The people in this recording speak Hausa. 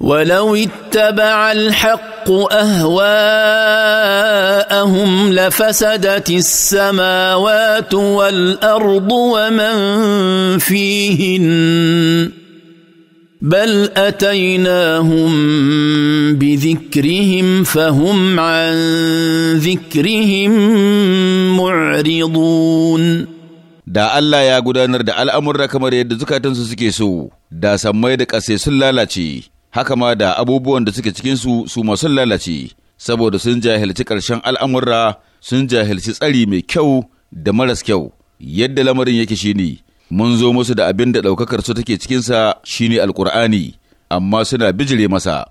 ولو اتبع الحق اهواءهم لفسدت السماوات والارض ومن فيهن بل اتيناهم بذكرهم فهم عن ذكرهم معرضون da Allah ya gudanar da al'amurra kamar yadda zukatansu suke so, da sammai da ƙasai sun lalace. haka ma da abubuwan da suke cikinsu su masu lalace, saboda sun jahilci ƙarshen al'amurra sun jahilci tsari mai kyau da maras kyau, yadda lamarin yake shine, mun zo musu da abin da ɗaukakar su take cikinsa shine Alƙur'ani, amma suna bijire masa.